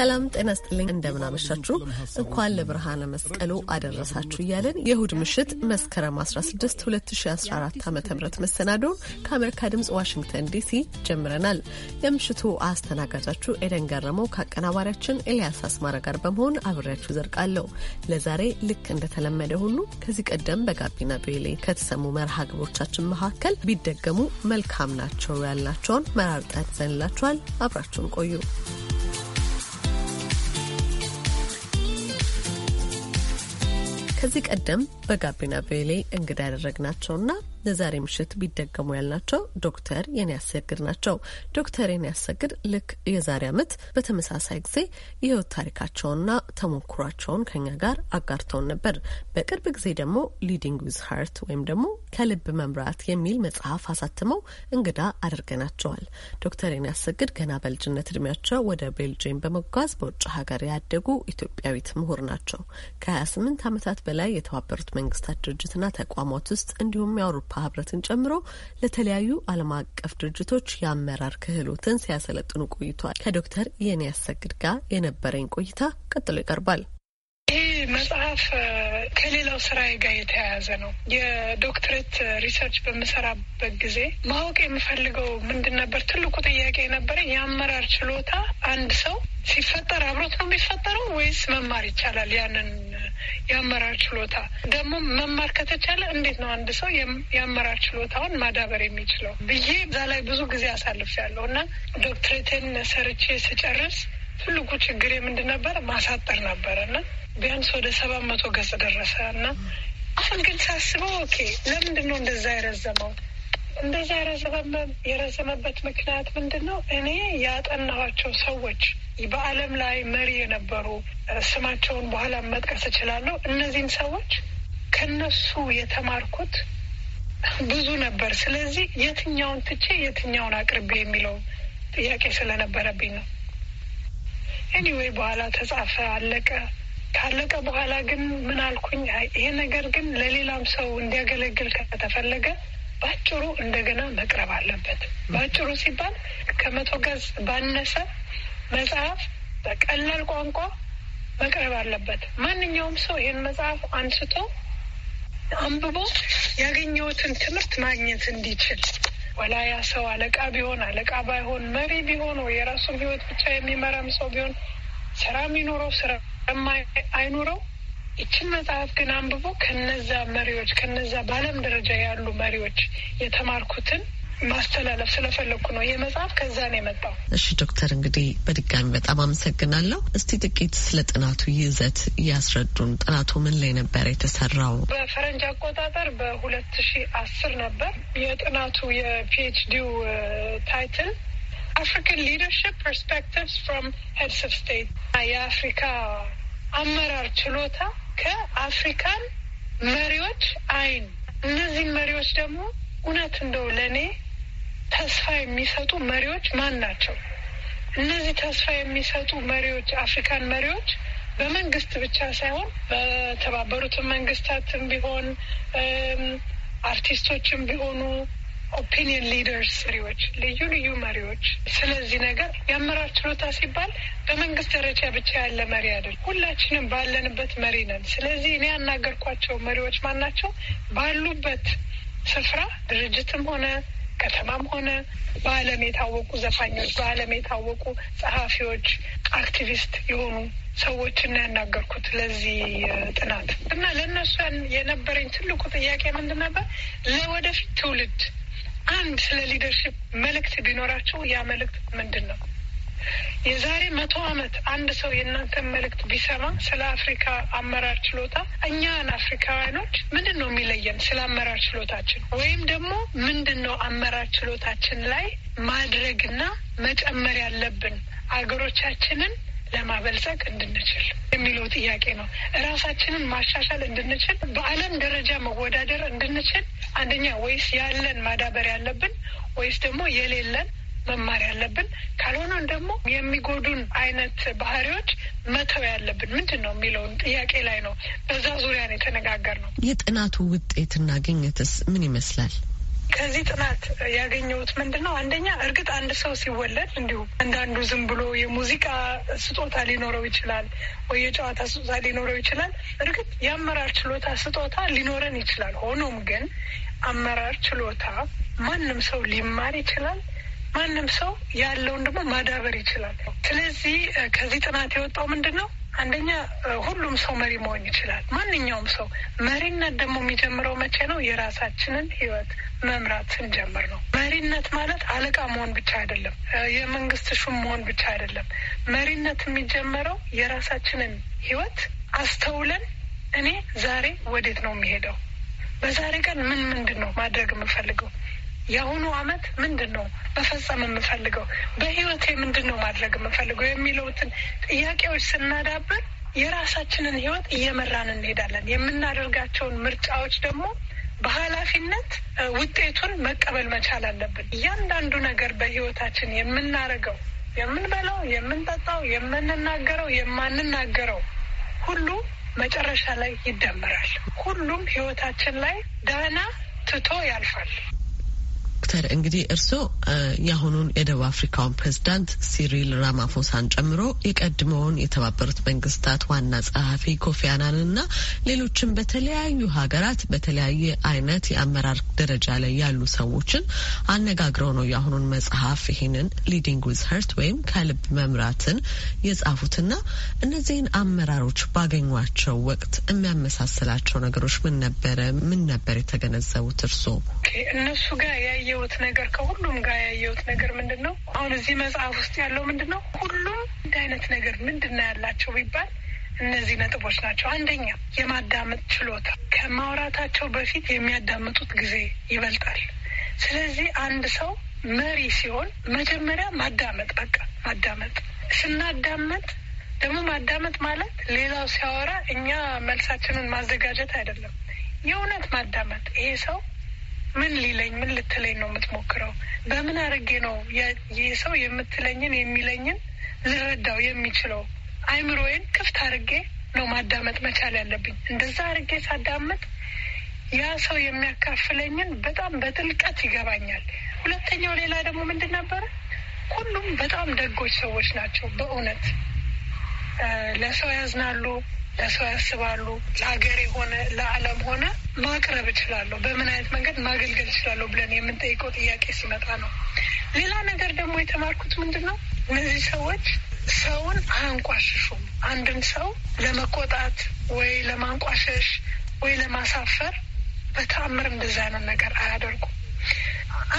ሰላም ጤና ስጥልኝ፣ እንደምናመሻችሁ እንኳን ለብርሃነ መስቀሉ አደረሳችሁ እያለን የእሁድ ምሽት መስከረም 16 2014 ዓ ም መሰናዶ ከአሜሪካ ድምፅ ዋሽንግተን ዲሲ ጀምረናል። የምሽቱ አስተናጋጃችሁ ኤደን ገረመው ከአቀናባሪያችን ኤልያስ አስማረ ጋር በመሆን አብሬያችሁ ዘርቃለሁ። ለዛሬ ልክ እንደተለመደ ሁሉ ከዚህ ቀደም በጋቢና ቤሌ ከተሰሙ መርሃ ግቦቻችን መካከል ቢደገሙ መልካም ናቸው ያልናቸውን መራርጠን ዘንላችኋል። አብራችሁን ቆዩ። ከዚህ ቀደም በጋቢና ቤሌ እንግዳ ያደረግናቸውና ለዛሬ ምሽት ቢደገሙ ያልናቸው ዶክተር የኔ ያሰግድ ናቸው። ዶክተር የኔ ያሰግድ ልክ የዛሬ ዓመት በተመሳሳይ ጊዜ የህይወት ታሪካቸውንና ተሞክሯቸውን ከኛ ጋር አጋርተውን ነበር። በቅርብ ጊዜ ደግሞ ሊዲንግ ዊዝ ሀርት ወይም ደግሞ ከልብ መምራት የሚል መጽሐፍ አሳትመው እንግዳ አድርገናቸዋል። ዶክተር የኔ ያሰግድ ገና በልጅነት እድሜያቸው ወደ ቤልጅየም በመጓዝ በውጭ ሀገር ያደጉ ኢትዮጵያዊት ምሁር ናቸው። ከ28 ዓመታት በላይ የተባበሩት መንግስታት ድርጅትና ተቋማት ውስጥ እንዲሁም የአውሮፓ የአውሮፓ ህብረትን ጨምሮ ለተለያዩ ዓለም አቀፍ ድርጅቶች የአመራር ክህሎትን ሲያሰለጥኑ ቆይቷል። ከዶክተር የኔ ያሰግድ ጋር የነበረኝ ቆይታ ቀጥሎ ይቀርባል። መጽሐፍ ከሌላው ስራዬ ጋር የተያያዘ ነው። የዶክትሬት ሪሰርች በምሰራበት ጊዜ ማወቅ የምፈልገው ምንድን ነበር? ትልቁ ጥያቄ የነበረኝ የአመራር ችሎታ አንድ ሰው ሲፈጠር አብሮት ነው የሚፈጠረው ወይስ መማር ይቻላል? ያንን የአመራር ችሎታ ደግሞ መማር ከተቻለ እንዴት ነው አንድ ሰው የአመራር ችሎታውን ማዳበር የሚችለው ብዬ እዛ ላይ ብዙ ጊዜ አሳልፍ ያለው እና ዶክትሬትን ሰርቼ ስጨርስ ትልቁ ችግር ምንድን ነበረ? ማሳጠር ነበረ እና ቢያንስ ወደ ሰባት መቶ ገጽ ደረሰ እና አሁን ግን ሳስበው ኦኬ ለምንድን ነው እንደዛ የረዘመው? እንደዛ የረዘመበት ምክንያት ምንድን ነው? እኔ ያጠናኋቸው ሰዎች በዓለም ላይ መሪ የነበሩ ስማቸውን በኋላ መጥቀስ እችላለሁ። እነዚህን ሰዎች ከነሱ የተማርኩት ብዙ ነበር። ስለዚህ የትኛውን ትቼ የትኛውን አቅርቤ የሚለው ጥያቄ ስለነበረብኝ ነው። ኤኒዌይ በኋላ ተጻፈ፣ አለቀ። ካለቀ በኋላ ግን ምን አልኩኝ፣ ይሄ ነገር ግን ለሌላም ሰው እንዲያገለግል ከተፈለገ ባጭሩ እንደገና መቅረብ አለበት። ባጭሩ ሲባል ከመቶ ገጽ ባነሰ መጽሐፍ በቀላል ቋንቋ መቅረብ አለበት። ማንኛውም ሰው ይህን መጽሐፍ አንስቶ አንብቦ ያገኘሁትን ትምህርት ማግኘት እንዲችል ወላያ ያ ሰው አለቃ ቢሆን አለቃ ባይሆን መሪ ቢሆን ወይ የራሱን ህይወት ብቻ የሚመራም ሰው ቢሆን ስራ የሚኖረው ስራ አይኖረው ይችን መጽሐፍ ግን አንብቦ ከነዛ መሪዎች ከነዛ በዓለም ደረጃ ያሉ መሪዎች የተማርኩትን ማስተላለፍ ስለፈለግኩ ነው። ይህ መጽሐፍ ከዛ ነው የመጣው። እሺ ዶክተር፣ እንግዲህ በድጋሚ በጣም አመሰግናለሁ። እስቲ ጥቂት ስለ ጥናቱ ይዘት እያስረዱን። ጥናቱ ምን ላይ ነበር የተሰራው? በፈረንጅ አቆጣጠር በሁለት ሺ አስር ነበር የጥናቱ የፒኤችዲው ታይትል አፍሪካን ሊደርሽፕ ፐርስፔክቲቭስ ፍሮም ሄድስ ኦፍ ስቴት የአፍሪካ አመራር ችሎታ ከአፍሪካን መሪዎች አይን እነዚህን መሪዎች ደግሞ እውነት እንደው ለእኔ ተስፋ የሚሰጡ መሪዎች ማን ናቸው? እነዚህ ተስፋ የሚሰጡ መሪዎች አፍሪካን መሪዎች በመንግስት ብቻ ሳይሆን በተባበሩትን መንግስታትም ቢሆን አርቲስቶችም ቢሆኑ ኦፒኒየን ሊደርስ መሪዎች፣ ልዩ ልዩ መሪዎች። ስለዚህ ነገር የአመራር ችሎታ ሲባል በመንግስት ደረጃ ብቻ ያለ መሪ አይደል፣ ሁላችንም ባለንበት መሪ ነን። ስለዚህ እኔ ያናገርኳቸው መሪዎች ማን ናቸው? ባሉበት ስፍራ ድርጅትም ሆነ ከተማም ሆነ በዓለም የታወቁ ዘፋኞች፣ በዓለም የታወቁ ጸሐፊዎች፣ አክቲቪስት የሆኑ ሰዎችን ያናገርኩት ለዚህ ጥናት እና ለእነሱ የነበረኝ ትልቁ ጥያቄ ምንድን ነበር? ለወደፊት ትውልድ አንድ ስለ ሊደርሽፕ መልእክት ቢኖራቸው ያ መልእክት ምንድን ነው? የዛሬ መቶ ዓመት አንድ ሰው የእናንተን መልእክት ቢሰማ ስለ አፍሪካ አመራር ችሎታ እኛን አፍሪካውያኖች ምንድን ነው የሚለየን ስለ አመራር ችሎታችን ወይም ደግሞ ምንድን ነው አመራር ችሎታችን ላይ ማድረግና መጨመር ያለብን አገሮቻችንን ለማበልጸግ እንድንችል የሚለው ጥያቄ ነው። እራሳችንን ማሻሻል እንድንችል፣ በዓለም ደረጃ መወዳደር እንድንችል አንደኛ ወይስ ያለን ማዳበር ያለብን ወይስ ደግሞ የሌለን መማር ያለብን። ካልሆነን ደግሞ የሚጎዱን አይነት ባህሪዎች መተው ያለብን ምንድን ነው የሚለውን ጥያቄ ላይ ነው። በዛ ዙሪያ ነው የተነጋገርነው። የጥናቱ ውጤትና ግኝትስ ምን ይመስላል? ከዚህ ጥናት ያገኘሁት ምንድን ነው? አንደኛ እርግጥ አንድ ሰው ሲወለድ እንዲሁ አንዳንዱ ዝም ብሎ የሙዚቃ ስጦታ ሊኖረው ይችላል፣ ወይ የጨዋታ ስጦታ ሊኖረው ይችላል። እርግጥ የአመራር ችሎታ ስጦታ ሊኖረን ይችላል። ሆኖም ግን አመራር ችሎታ ማንም ሰው ሊማር ይችላል። ማንም ሰው ያለውን ደግሞ ማዳበር ይችላል። ስለዚህ ከዚህ ጥናት የወጣው ምንድን ነው? አንደኛ ሁሉም ሰው መሪ መሆን ይችላል። ማንኛውም ሰው መሪነት ደግሞ የሚጀምረው መቼ ነው? የራሳችንን ህይወት መምራት ስንጀምር ነው። መሪነት ማለት አለቃ መሆን ብቻ አይደለም፣ የመንግስት ሹም መሆን ብቻ አይደለም። መሪነት የሚጀመረው የራሳችንን ህይወት አስተውለን እኔ ዛሬ ወዴት ነው የሚሄደው? በዛሬ ቀን ምን ምንድን ነው ማድረግ የምፈልገው? የአሁኑ አመት ምንድን ነው መፈጸም የምፈልገው በህይወቴ ምንድን ነው ማድረግ የምፈልገው የሚለውትን ጥያቄዎች ስናዳብር የራሳችንን ህይወት እየመራን እንሄዳለን። የምናደርጋቸውን ምርጫዎች ደግሞ በኃላፊነት ውጤቱን መቀበል መቻል አለብን። እያንዳንዱ ነገር በህይወታችን የምናደርገው የምንበላው፣ የምንጠጣው፣ የምንናገረው፣ የማንናገረው ሁሉ መጨረሻ ላይ ይደመራል። ሁሉም ህይወታችን ላይ ዳና ትቶ ያልፋል። ዶክተር እንግዲህ እርስዎ የአሁኑን የደቡብ አፍሪካውን ፕሬዝዳንት ሲሪል ራማፎሳን ጨምሮ የቀድሞውን የተባበሩት መንግስታት ዋና ጸሐፊ ኮፊ አናንና ሌሎችን በተለያዩ ሀገራት በተለያየ አይነት የአመራር ደረጃ ላይ ያሉ ሰዎችን አነጋግረው ነው የአሁኑን መጽሐፍ ይህንን ሊዲንግ ዊዝ ሀርት ወይም ከልብ መምራትን የጻፉትና እነዚህን አመራሮች ባገኟቸው ወቅት የሚያመሳስላቸው ነገሮች ምን ነበረ? ምን ነበር የተገነዘቡት እርስዎ ከእነሱ ጋር ያየሁት ነገር ከሁሉም ጋር ያየሁት ነገር ምንድን ነው? አሁን እዚህ መጽሐፍ ውስጥ ያለው ምንድን ነው? ሁሉም እንደ አይነት ነገር ምንድን ነው ያላቸው ቢባል እነዚህ ነጥቦች ናቸው። አንደኛ የማዳመጥ ችሎታ፣ ከማውራታቸው በፊት የሚያዳምጡት ጊዜ ይበልጣል። ስለዚህ አንድ ሰው መሪ ሲሆን መጀመሪያ ማዳመጥ፣ በቃ ማዳመጥ። ስናዳመጥ ደግሞ ማዳመጥ ማለት ሌላው ሲያወራ እኛ መልሳችንን ማዘጋጀት አይደለም፣ የእውነት ማዳመጥ። ይሄ ሰው ምን ሊለኝ ምን ልትለኝ ነው የምትሞክረው? በምን አድርጌ ነው ይህ ሰው የምትለኝን የሚለኝን ልረዳው የሚችለው? አይምሮዬን ክፍት አድርጌ ነው ማዳመጥ መቻል ያለብኝ። እንደዛ አድርጌ ሳዳመጥ ያ ሰው የሚያካፍለኝን በጣም በጥልቀት ይገባኛል። ሁለተኛው ሌላ ደግሞ ምንድን ነበረ? ሁሉም በጣም ደጎች ሰዎች ናቸው። በእውነት ለሰው ያዝናሉ። ለሰው ያስባሉ። ለሀገር የሆነ ለዓለም ሆነ ማቅረብ እችላለሁ፣ በምን አይነት መንገድ ማገልገል እችላለሁ ብለን የምንጠይቀው ጥያቄ ሲመጣ ነው። ሌላ ነገር ደግሞ የተማርኩት ምንድን ነው እነዚህ ሰዎች ሰውን አያንቋሽሹም። አንድን ሰው ለመቆጣት ወይ ለማንቋሸሽ ወይ ለማሳፈር በተአምር እንደዛ አይነት ነገር አያደርጉም።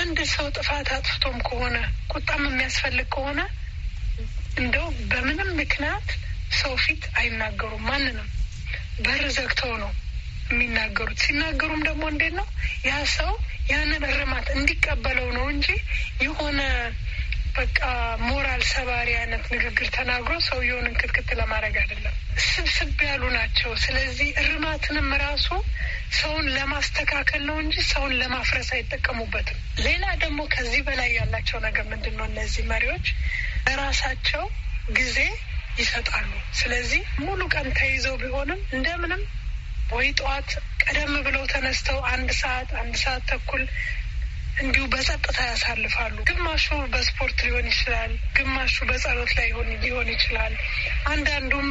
አንድ ሰው ጥፋት አጥፍቶም ከሆነ ቁጣም የሚያስፈልግ ከሆነ እንደው በምንም ምክንያት ሰው ፊት አይናገሩም። ማንንም በር ዘግተው ነው የሚናገሩት። ሲናገሩም ደግሞ እንዴት ነው ያ ሰው ያንን እርማት እንዲቀበለው ነው እንጂ የሆነ በቃ ሞራል ሰባሪ አይነት ንግግር ተናግሮ ሰውየውን እንክትክት ለማድረግ አይደለም። ስብስብ ያሉ ናቸው። ስለዚህ እርማትንም ራሱ ሰውን ለማስተካከል ነው እንጂ ሰውን ለማፍረስ አይጠቀሙበትም። ሌላ ደግሞ ከዚህ በላይ ያላቸው ነገር ምንድን ነው? እነዚህ መሪዎች ለራሳቸው ጊዜ ይሰጣሉ። ስለዚህ ሙሉ ቀን ተይዘው ቢሆንም እንደምንም ወይ ጠዋት ቀደም ብለው ተነስተው አንድ ሰዓት አንድ ሰዓት ተኩል እንዲሁ በጸጥታ ያሳልፋሉ። ግማሹ በስፖርት ሊሆን ይችላል፣ ግማሹ በጸሎት ላይ ሊሆን ይችላል። አንዳንዱም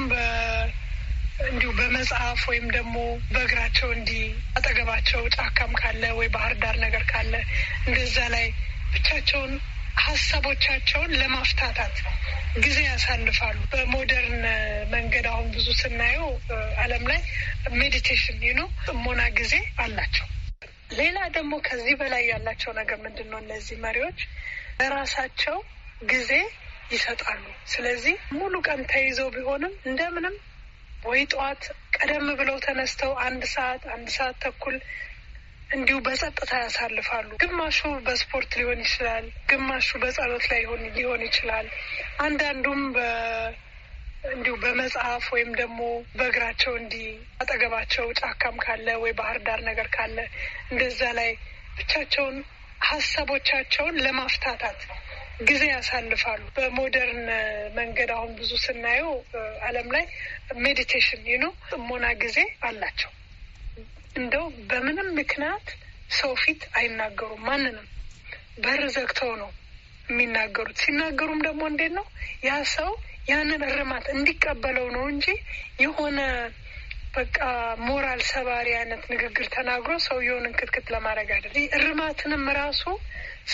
እንዲሁ በመጽሐፍ ወይም ደግሞ በእግራቸው እንዲህ አጠገባቸው ጫካም ካለ ወይ ባህር ዳር ነገር ካለ እንደዛ ላይ ብቻቸውን ሀሳቦቻቸውን ለማፍታታት ጊዜ ያሳልፋሉ። በሞደርን መንገድ አሁን ብዙ ስናየው ዓለም ላይ ሜዲቴሽን ነው ጥሞና ጊዜ አላቸው። ሌላ ደግሞ ከዚህ በላይ ያላቸው ነገር ምንድን ነው? እነዚህ መሪዎች ለራሳቸው ጊዜ ይሰጣሉ። ስለዚህ ሙሉ ቀን ተይዘው ቢሆንም እንደምንም ወይ ጠዋት ቀደም ብለው ተነስተው አንድ ሰዓት አንድ ሰዓት ተኩል እንዲሁ በጸጥታ ያሳልፋሉ። ግማሹ በስፖርት ሊሆን ይችላል፣ ግማሹ በጸሎት ላይ ሊሆን ይችላል። አንዳንዱም እንዲሁ በመጽሐፍ ወይም ደግሞ በእግራቸው እንዲህ አጠገባቸው ጫካም ካለ ወይ ባህር ዳር ነገር ካለ እንደዛ ላይ ብቻቸውን ሀሳቦቻቸውን ለማፍታታት ጊዜ ያሳልፋሉ። በሞደርን መንገድ አሁን ብዙ ስናየው ዓለም ላይ ሜዲቴሽን ይኖ ጥሞና ጊዜ አላቸው። እንደው በምንም ምክንያት ሰው ፊት አይናገሩም። ማንንም በር ዘግተው ነው የሚናገሩት። ሲናገሩም ደግሞ እንዴት ነው ያ ሰው ያንን እርማት እንዲቀበለው ነው እንጂ የሆነ በቃ ሞራል ሰባሪ አይነት ንግግር ተናግሮ ሰውየውን እንክትክት ለማድረግ አይደለም። እርማትንም ራሱ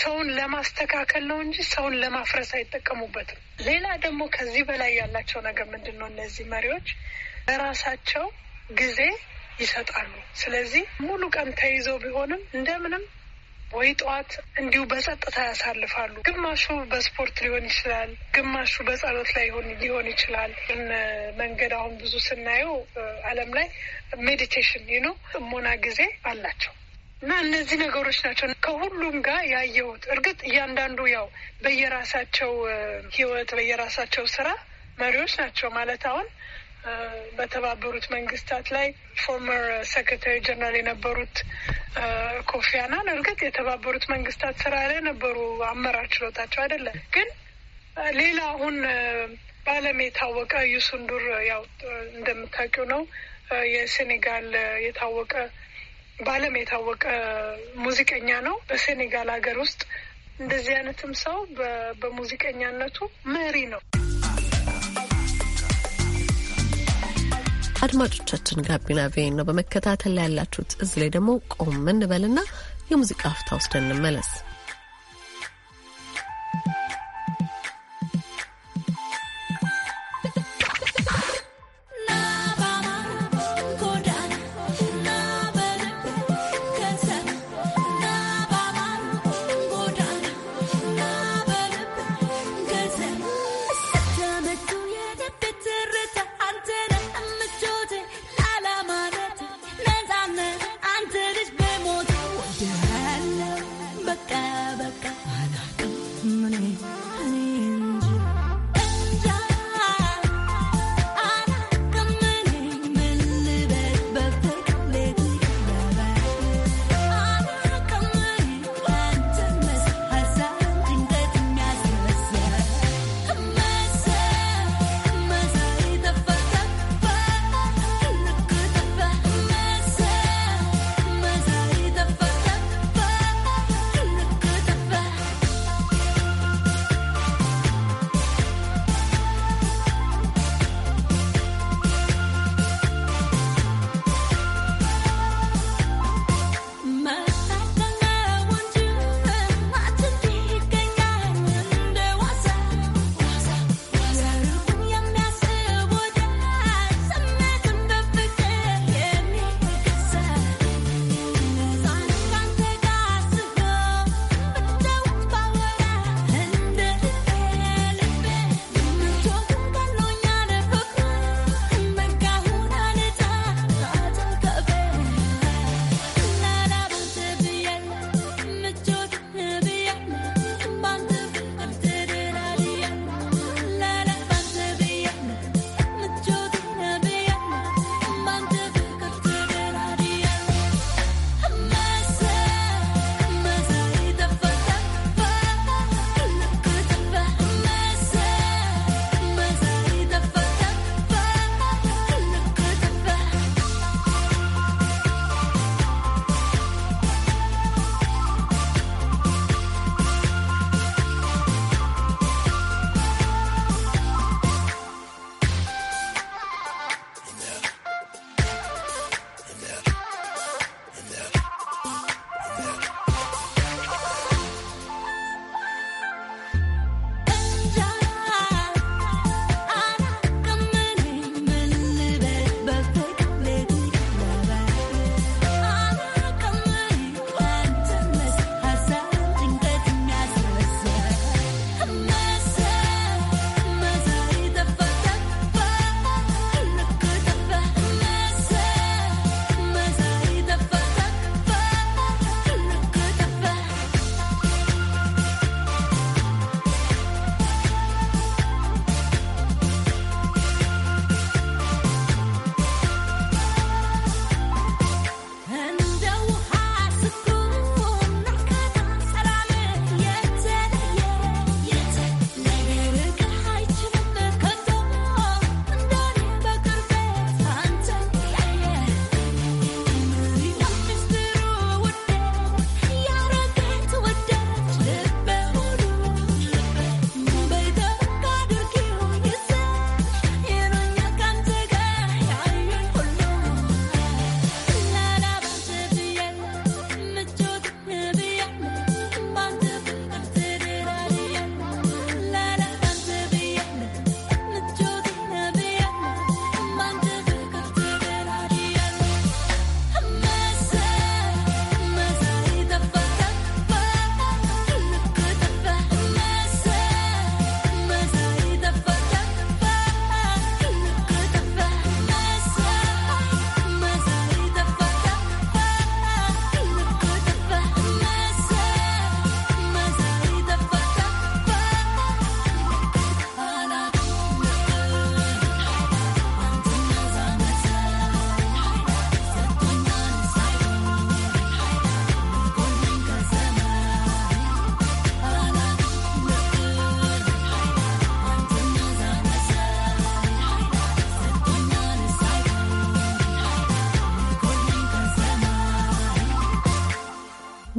ሰውን ለማስተካከል ነው እንጂ ሰውን ለማፍረስ አይጠቀሙበትም። ሌላ ደግሞ ከዚህ በላይ ያላቸው ነገር ምንድን ነው? እነዚህ መሪዎች በራሳቸው ጊዜ ይሰጣሉ። ስለዚህ ሙሉ ቀን ተይዘው ቢሆንም እንደምንም ወይ ጠዋት እንዲሁ በጸጥታ ያሳልፋሉ። ግማሹ በስፖርት ሊሆን ይችላል፣ ግማሹ በጸሎት ላይ ሊሆን ይችላል። መንገድ አሁን ብዙ ስናየው ዓለም ላይ ሜዲቴሽን ነው ጥሞና ጊዜ አላቸው እና እነዚህ ነገሮች ናቸው ከሁሉም ጋር ያየሁት። እርግጥ እያንዳንዱ ያው በየራሳቸው ህይወት በየራሳቸው ስራ መሪዎች ናቸው ማለት አሁን በተባበሩት መንግስታት ላይ ፎርመር ሴክሬታሪ ጀነራል የነበሩት uh, ኮፊ አናን እርግጥ የተባበሩት መንግስታት ስራ ላይ ነበሩ፣ አመራር ችሎታቸው አይደለም። ግን uh, ሌላ አሁን uh, በአለም የታወቀ ዩሱንዱር ያው እንደምታውቂው ነው የሴኔጋል የታወቀ በአለም የታወቀ ሙዚቀኛ ነው። በሴኔጋል ሀገር ውስጥ እንደዚህ አይነትም ሰው በሙዚቀኛነቱ መሪ ነው። አድማጮቻችን ጋቢና ቪኦኤን ነው በመከታተል ላይ ያላችሁት። እዚህ ላይ ደግሞ ቆም እንበልና የሙዚቃ አፍታ ወስደን እንመለስ።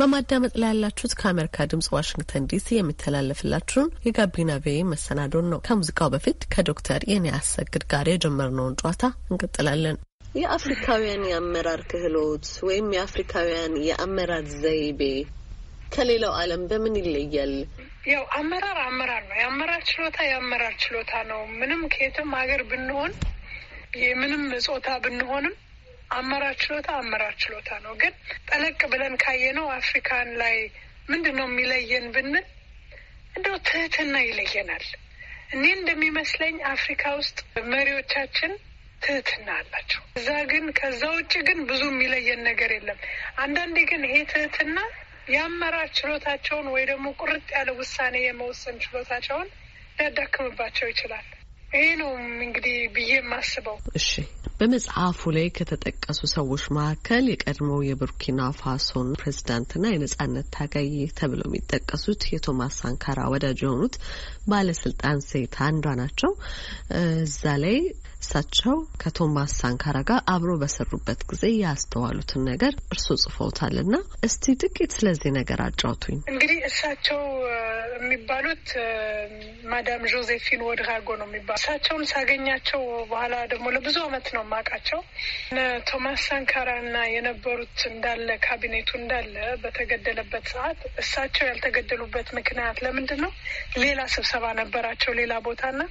በማዳመጥ ላይ ያላችሁት ከአሜሪካ ድምጽ ዋሽንግተን ዲሲ የሚተላለፍላችሁን የጋቢና ቤ መሰናዶን ነው። ከሙዚቃው በፊት ከዶክተር የኔ አሰግድ ጋር የጀመርነውን ጨዋታ እንቀጥላለን። የአፍሪካውያን የአመራር ክህሎት ወይም የአፍሪካውያን የአመራር ዘይቤ ከሌላው ዓለም በምን ይለያል? ያው አመራር አመራር ነው። የአመራር ችሎታ የአመራር ችሎታ ነው። ምንም ከየትም ሀገር ብንሆን የምንም ጾታ ብንሆንም አመራር ችሎታ አመራር ችሎታ ነው። ግን ጠለቅ ብለን ካየነው አፍሪካን ላይ ምንድን ነው የሚለየን ብንል እንደው ትህትና ይለየናል። እኔ እንደሚመስለኝ አፍሪካ ውስጥ መሪዎቻችን ትህትና አላቸው። እዛ ግን ከዛ ውጭ ግን ብዙ የሚለየን ነገር የለም። አንዳንዴ ግን ይሄ ትህትና የአመራር ችሎታቸውን ወይ ደግሞ ቁርጥ ያለ ውሳኔ የመወሰን ችሎታቸውን ሊያዳክምባቸው ይችላል። ይህ ነው እንግዲህ ብዬ የማስበው። እሺ በመጽሐፉ ላይ ከተጠቀሱ ሰዎች መካከል የቀድሞው የቡርኪና ፋሶን ፕሬዚዳንትና የነጻነት ታጋይ ተብለው የሚጠቀሱት የቶማስ ሳንካራ ወዳጅ የሆኑት ባለስልጣን ሴት አንዷ ናቸው። እዛ ላይ እሳቸው ከቶማስ ሳንካራ ጋር አብሮ በሰሩበት ጊዜ ያስተዋሉትን ነገር እርሶ ጽፈውታል እና እስቲ ጥቂት ስለዚህ ነገር አጫውቱኝ። እንግዲህ እሳቸው የሚባሉት ማዳም ጆዜፊን ወድሃጎ ነው የሚባሉ እሳቸውን ሳገኛቸው በኋላ ደግሞ ለብዙ አመት ነው የማውቃቸው። ቶማስ ሳንካራ እና የነበሩት እንዳለ ካቢኔቱ እንዳለ በተገደለበት ሰዓት እሳቸው ያልተገደሉበት ምክንያት ለምንድን ነው? ሌላ ስብሰባ ነበራቸው ሌላ ቦታና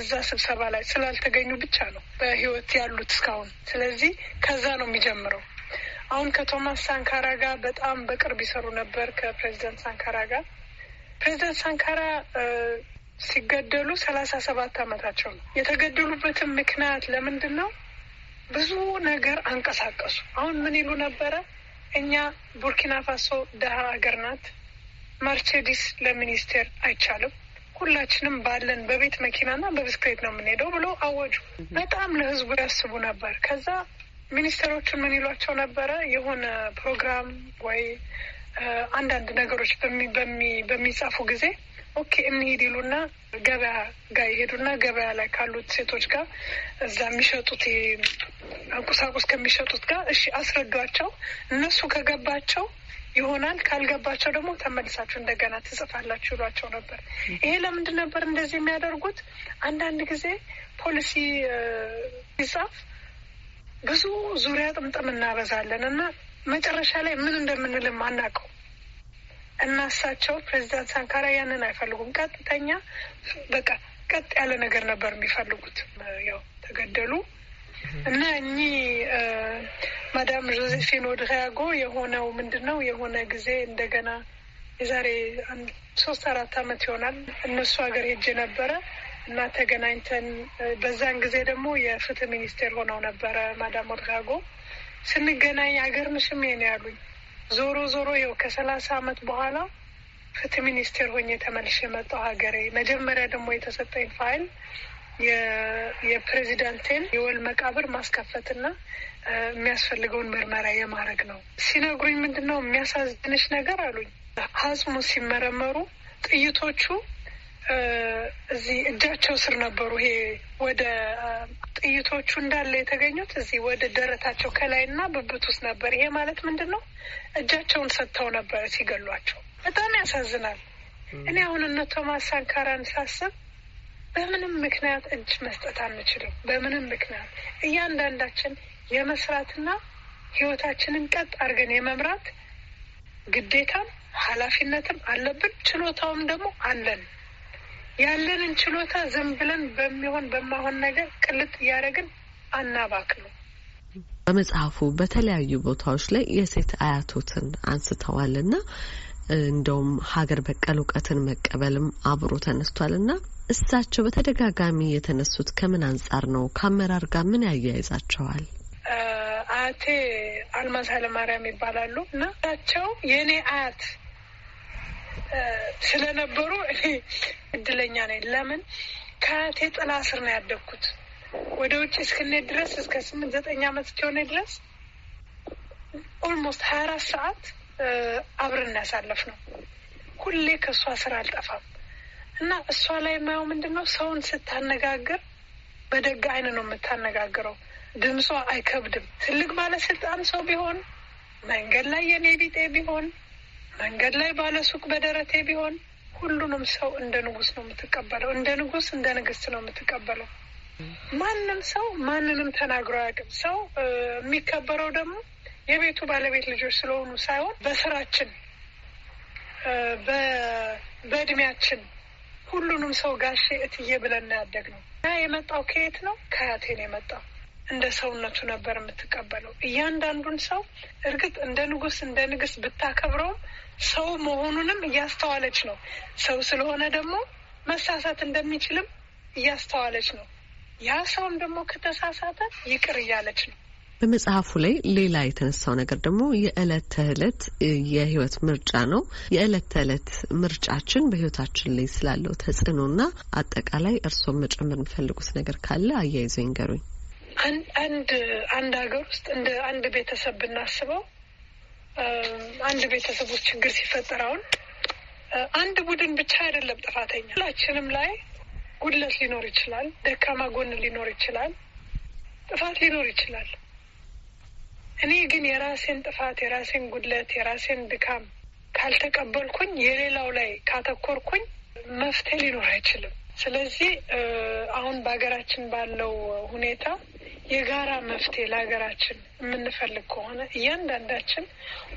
እዛ ስብሰባ ላይ ስላልተገኙ ብቻ ነው በህይወት ያሉት እስካሁን። ስለዚህ ከዛ ነው የሚጀምረው። አሁን ከቶማስ ሳንካራ ጋር በጣም በቅርብ ይሰሩ ነበር ከፕሬዚደንት ሳንካራ ጋር። ፕሬዚደንት ሳንካራ ሲገደሉ ሰላሳ ሰባት አመታቸው ነው። የተገደሉበትን ምክንያት ለምንድን ነው? ብዙ ነገር አንቀሳቀሱ። አሁን ምን ይሉ ነበረ? እኛ ቡርኪና ፋሶ ድሀ ሀገር ናት፣ መርቼዲስ ለሚኒስቴር አይቻልም ሁላችንም ባለን በቤት መኪናና በብስክሌት ነው የምንሄደው ብሎ አወጁ። በጣም ለህዝቡ ያስቡ ነበር። ከዛ ሚኒስትሮቹ ምን ይሏቸው ነበረ? የሆነ ፕሮግራም ወይ አንዳንድ ነገሮች በሚጻፉ ጊዜ ኦኬ እንሄድ ይሉና ገበያ ጋር ይሄዱና ገበያ ላይ ካሉት ሴቶች ጋር እዛ የሚሸጡት ቁሳቁስ ከሚሸጡት ጋር እሺ አስረዷቸው እነሱ ከገባቸው ይሆናል፣ ካልገባቸው ደግሞ ተመልሳችሁ እንደገና ትጽፋላችሁ ይሏቸው ነበር። ይሄ ለምንድን ነበር እንደዚህ የሚያደርጉት? አንዳንድ ጊዜ ፖሊሲ ሲጻፍ ብዙ ዙሪያ ጥምጥም እናበዛለን እና መጨረሻ ላይ ምን እንደምንልም አናውቀው እና እሳቸው ፕሬዚዳንት ሳንካራ ያንን አይፈልጉም። ቀጥተኛ በቃ ቀጥ ያለ ነገር ነበር የሚፈልጉት። ያው ተገደሉ። እና እኚህ ማዳም ዦዜፊን ኦድሪያጎ የሆነው ምንድን ነው የሆነ ጊዜ እንደገና የዛሬ ሶስት አራት አመት ይሆናል እነሱ ሀገር ሄጄ ነበረ እና ተገናኝተን በዛን ጊዜ ደግሞ የፍትህ ሚኒስቴር ሆነው ነበረ ማዳም ኦድሪያጎ ስንገናኝ ሀገር ምሽም ነው ያሉኝ። ዞሮ ዞሮ ይኸው ከሰላሳ አመት በኋላ ፍትህ ሚኒስቴር ሆኜ ተመልሼ መጣሁ ሀገሬ። መጀመሪያ ደግሞ የተሰጠኝ ፋይል የፕሬዚዳንቴን የወል መቃብር ማስከፈትና የሚያስፈልገውን ምርመራ የማድረግ ነው። ሲነግሩኝ ምንድን ነው የሚያሳዝንሽ ነገር አሉኝ። ሀጽሙ ሲመረመሩ ጥይቶቹ እዚህ እጃቸው ስር ነበሩ። ይሄ ወደ ጥይቶቹ እንዳለ የተገኙት እዚህ ወደ ደረታቸው እና ብብት ውስጥ ነበር። ይሄ ማለት ምንድን ነው? እጃቸውን ሰጥተው ነበር ሲገሏቸው። በጣም ያሳዝናል። እኔ አሁን እነ ቶማስ ሳንካራን ሳስብ በምንም ምክንያት እጅ መስጠት አንችልም። በምንም ምክንያት እያንዳንዳችን የመስራትና ህይወታችንን ቀጥ አድርገን የመምራት ግዴታም ኃላፊነትም አለብን። ችሎታውም ደግሞ አለን። ያለንን ችሎታ ዝም ብለን በሚሆን በማሆን ነገር ቅልጥ እያደረግን አናባክ ነው። በመጽሐፉ በተለያዩ ቦታዎች ላይ የሴት አያቶትን አንስተዋልና እንደውም ሀገር በቀል እውቀትን መቀበልም አብሮ ተነስቷልና እሳቸው በተደጋጋሚ የተነሱት ከምን አንጻር ነው? ከአመራር ጋር ምን ያያይዛቸዋል? አያቴ አልማዝ ኃይለማርያም ይባላሉ እና እሳቸው የእኔ አያት ስለነበሩ እኔ እድለኛ ነኝ። ለምን ከአያቴ ጥላ ስር ነው ያደግኩት። ወደ ውጭ እስክኔት ድረስ እስከ ስምንት ዘጠኝ ዓመት እስኪሆነ ድረስ ኦልሞስት ሀያ አራት ሰዓት አብረን ያሳለፍ ነው። ሁሌ ከእሷ ስራ አልጠፋም። እና እሷ ላይ የማየው ምንድን ነው? ሰውን ስታነጋግር በደግ አይን ነው የምታነጋግረው። ድምጿ አይከብድም። ትልቅ ባለስልጣን ሰው ቢሆን መንገድ ላይ የኔ ቢጤ ቢሆን መንገድ ላይ ባለሱቅ በደረቴ ቢሆን ሁሉንም ሰው እንደ ንጉስ ነው የምትቀበለው። እንደ ንጉስ እንደ ንግስት ነው የምትቀበለው። ማንም ሰው ማንንም ተናግሮ አያውቅም። ሰው የሚከበረው ደግሞ የቤቱ ባለቤት ልጆች ስለሆኑ ሳይሆን በስራችን፣ በእድሜያችን፣ ሁሉንም ሰው ጋሼ እትዬ ብለን ያደግ ነው እና የመጣው ከየት ነው? ከአያቴን የመጣው እንደ ሰውነቱ ነበር የምትቀበለው እያንዳንዱን ሰው። እርግጥ እንደ ንጉስ እንደ ንግስት ብታከብረውም ሰው መሆኑንም እያስተዋለች ነው። ሰው ስለሆነ ደግሞ መሳሳት እንደሚችልም እያስተዋለች ነው። ያ ሰውም ደግሞ ከተሳሳተ ይቅር እያለች ነው። በመጽሐፉ ላይ ሌላ የተነሳው ነገር ደግሞ የእለት ተእለት የህይወት ምርጫ ነው። የእለት ተዕለት ምርጫችን በህይወታችን ላይ ስላለው ተጽዕኖና አጠቃላይ እርስዎም መጨመር የሚፈልጉት ነገር ካለ አያይዞ ይንገሩኝ። አንድ አንድ ሀገር ውስጥ እንደ አንድ ቤተሰብ ብናስበው አንድ ቤተሰብ ውስጥ ችግር ሲፈጠር አሁን አንድ ቡድን ብቻ አይደለም ጥፋተኛ። ሁላችንም ላይ ጉድለት ሊኖር ይችላል፣ ደካማ ጎን ሊኖር ይችላል፣ ጥፋት ሊኖር ይችላል። እኔ ግን የራሴን ጥፋት የራሴን ጉድለት የራሴን ድካም ካልተቀበልኩኝ የሌላው ላይ ካተኮርኩኝ መፍትሄ ሊኖር አይችልም። ስለዚህ አሁን በሀገራችን ባለው ሁኔታ የጋራ መፍትሄ ለሀገራችን የምንፈልግ ከሆነ እያንዳንዳችን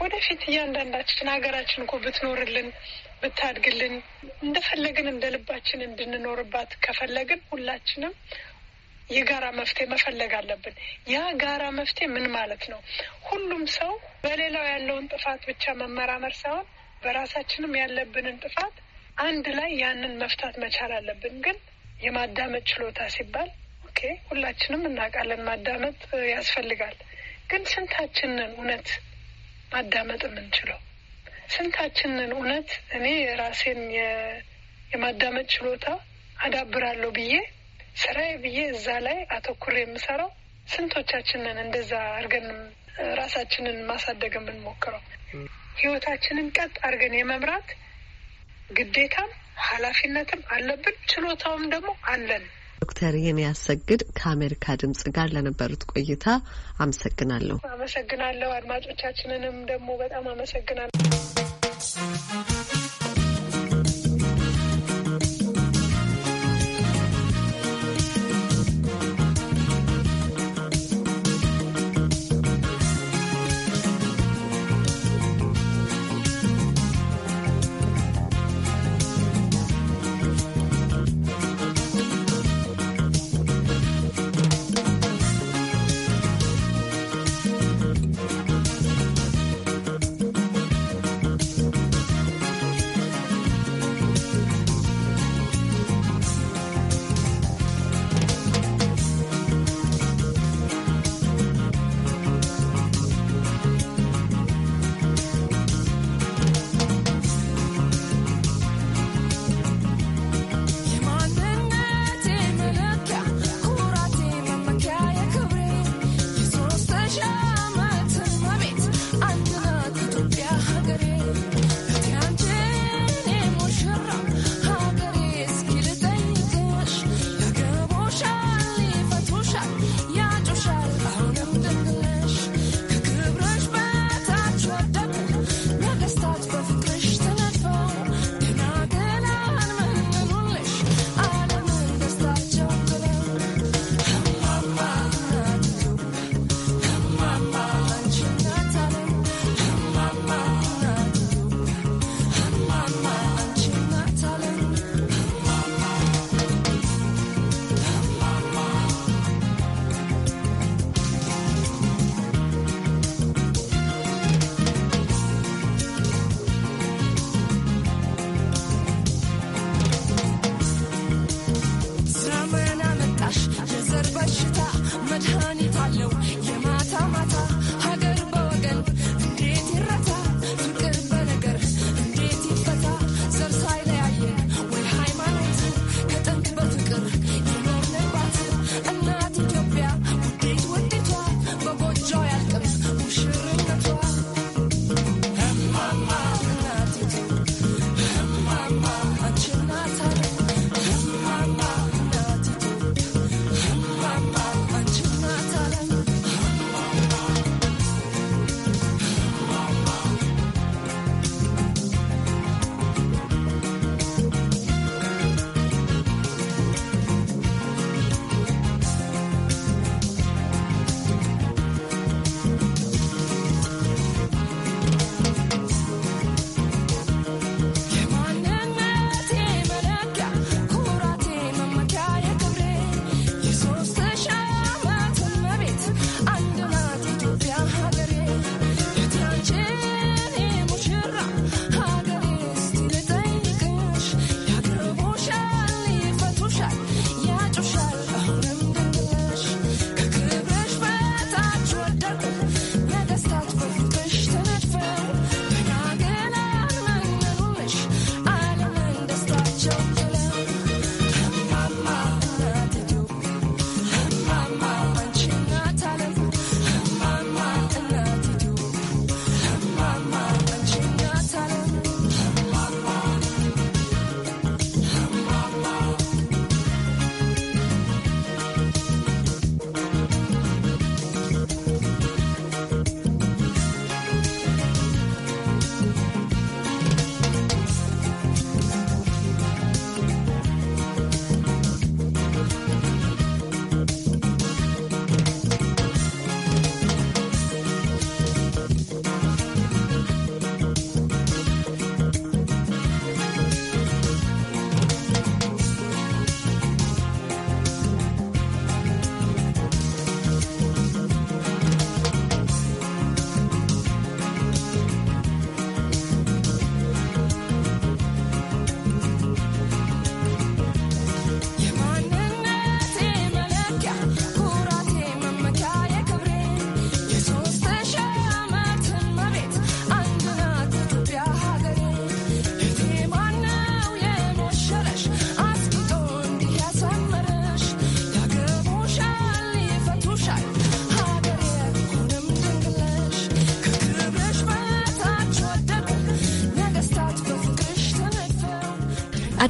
ወደፊት እያንዳንዳችን ሀገራችን እኮ ብትኖርልን ብታድግልን እንደፈለግን እንደ ልባችን እንድንኖርባት ከፈለግን ሁላችንም የጋራ መፍትሄ መፈለግ አለብን። ያ ጋራ መፍትሄ ምን ማለት ነው? ሁሉም ሰው በሌላው ያለውን ጥፋት ብቻ መመራመር ሳይሆን በራሳችንም ያለብንን ጥፋት አንድ ላይ ያንን መፍታት መቻል አለብን። ግን የማዳመጥ ችሎታ ሲባል ኦኬ፣ ሁላችንም እናውቃለን ማዳመጥ ያስፈልጋል። ግን ስንታችንን እውነት ማዳመጥ የምንችለው ስንታችንን እውነት እኔ ራሴን የማዳመጥ ችሎታ አዳብራለሁ ብዬ ስራዬ ብዬ እዛ ላይ አተኩር የምሰራው ስንቶቻችንን እንደዛ አርገን ራሳችንን ማሳደግ የምንሞክረው ህይወታችንን ቀጥ አርገን የመምራት ግዴታም ኃላፊነትም አለብን። ችሎታውም ደግሞ አለን። ዶክተር የሚያሰግድ ከአሜሪካ ድምጽ ጋር ለነበሩት ቆይታ አመሰግናለሁ። አመሰግናለሁ። አድማጮቻችንንም ደግሞ በጣም አመሰግናለሁ።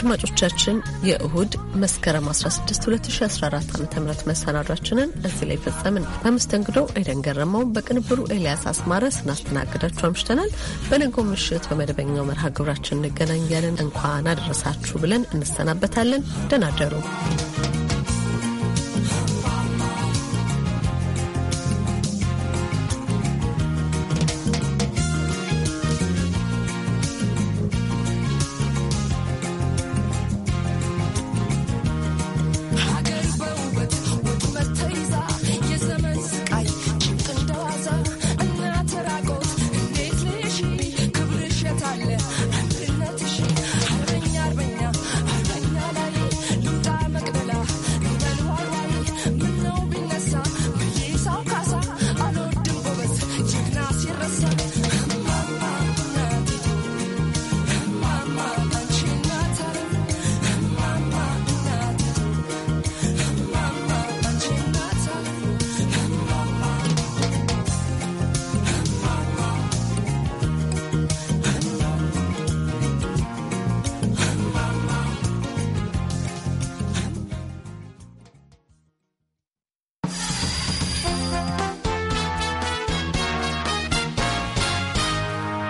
አድማጮቻችን የእሁድ መስከረም 16 2014 ዓ ም መሰናዷችንን እዚህ ላይ ፈጸምን። በመስተንግዶ ኤደን ገረመው፣ በቅንብሩ ኤልያስ አስማረ ስናስተናግዳችሁ አምሽተናል። በነገው ምሽት በመደበኛው መርሃ ግብራችን እንገናኛለን። እንኳን አደረሳችሁ ብለን እንሰናበታለን። ደህና ደሩ።